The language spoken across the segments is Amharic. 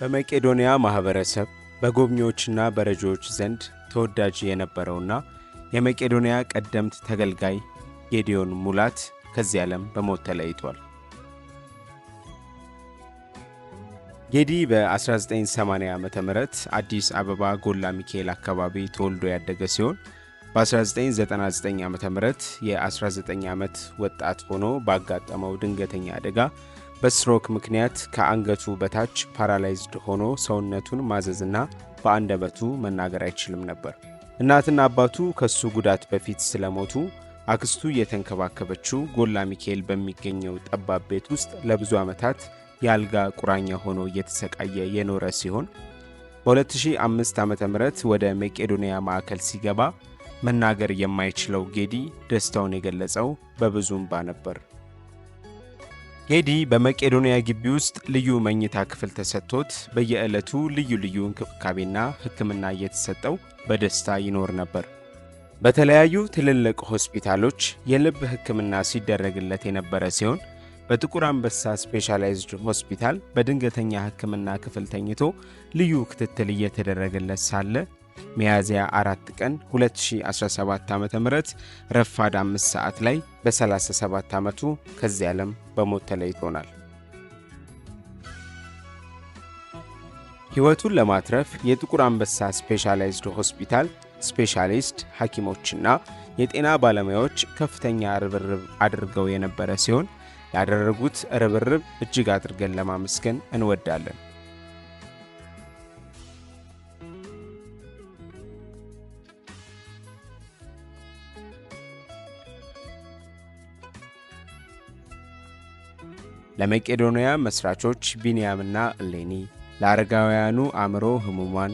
በመቄዶንያ ማህበረሰብ በጎብኚዎችና በረጂዎች ዘንድ ተወዳጅ የነበረውና የመቄዶንያ ቀደምት ተገልጋይ ጌዲዮን ሙላት ከዚህ ዓለም በሞት ተለይቷል። ጌዲ በ1980 ዓ ም አዲስ አበባ ጎላ ሚካኤል አካባቢ ተወልዶ ያደገ ሲሆን በ1999 ዓ ም የ19 ዓመት ወጣት ሆኖ ባጋጠመው ድንገተኛ አደጋ በስትሮክ ምክንያት ከአንገቱ በታች ፓራላይዝድ ሆኖ ሰውነቱን ማዘዝና በአንደበቱ መናገር አይችልም ነበር። እናትና አባቱ ከሱ ጉዳት በፊት ስለሞቱ አክስቱ እየተንከባከበችው ጎላ ሚካኤል በሚገኘው ጠባብ ቤት ውስጥ ለብዙ ዓመታት የአልጋ ቁራኛ ሆኖ እየተሰቃየ የኖረ ሲሆን በ2005 ዓ ም ወደ መቄዶንያ ማዕከል ሲገባ መናገር የማይችለው ጌዲ ደስታውን የገለጸው በብዙ እንባ ነበር። ጌዲ በመቄዶንያ ግቢ ውስጥ ልዩ መኝታ ክፍል ተሰጥቶት በየዕለቱ ልዩ ልዩ እንክብካቤና ሕክምና እየተሰጠው በደስታ ይኖር ነበር። በተለያዩ ትልልቅ ሆስፒታሎች የልብ ሕክምና ሲደረግለት የነበረ ሲሆን በጥቁር አንበሳ ስፔሻላይዝድ ሆስፒታል በድንገተኛ ሕክምና ክፍል ተኝቶ ልዩ ክትትል እየተደረገለት ሳለ ሚያዝያ 4 ቀን 2017 ዓ ም ረፋድ 5 ሰዓት ላይ በ37 ዓመቱ ከዚህ ዓለም በሞት ተለይቶናል። ሕይወቱን ለማትረፍ የጥቁር አንበሳ ስፔሻላይዝድ ሆስፒታል ስፔሻሊስት ሐኪሞችና የጤና ባለሙያዎች ከፍተኛ ርብርብ አድርገው የነበረ ሲሆን ያደረጉት ርብርብ እጅግ አድርገን ለማመስገን እንወዳለን። ለመቄዶንያ መስራቾች ቢንያምና እሌኒ፣ ለአረጋውያኑ አእምሮ ህሙማን፣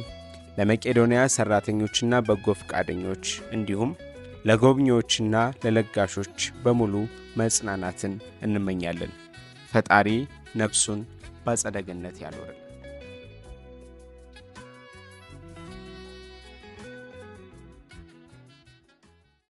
ለመቄዶንያ ሰራተኞችና በጎ ፈቃደኞች እንዲሁም ለጎብኚዎችና ለለጋሾች በሙሉ መጽናናትን እንመኛለን። ፈጣሪ ነፍሱን በአጸደ ገነት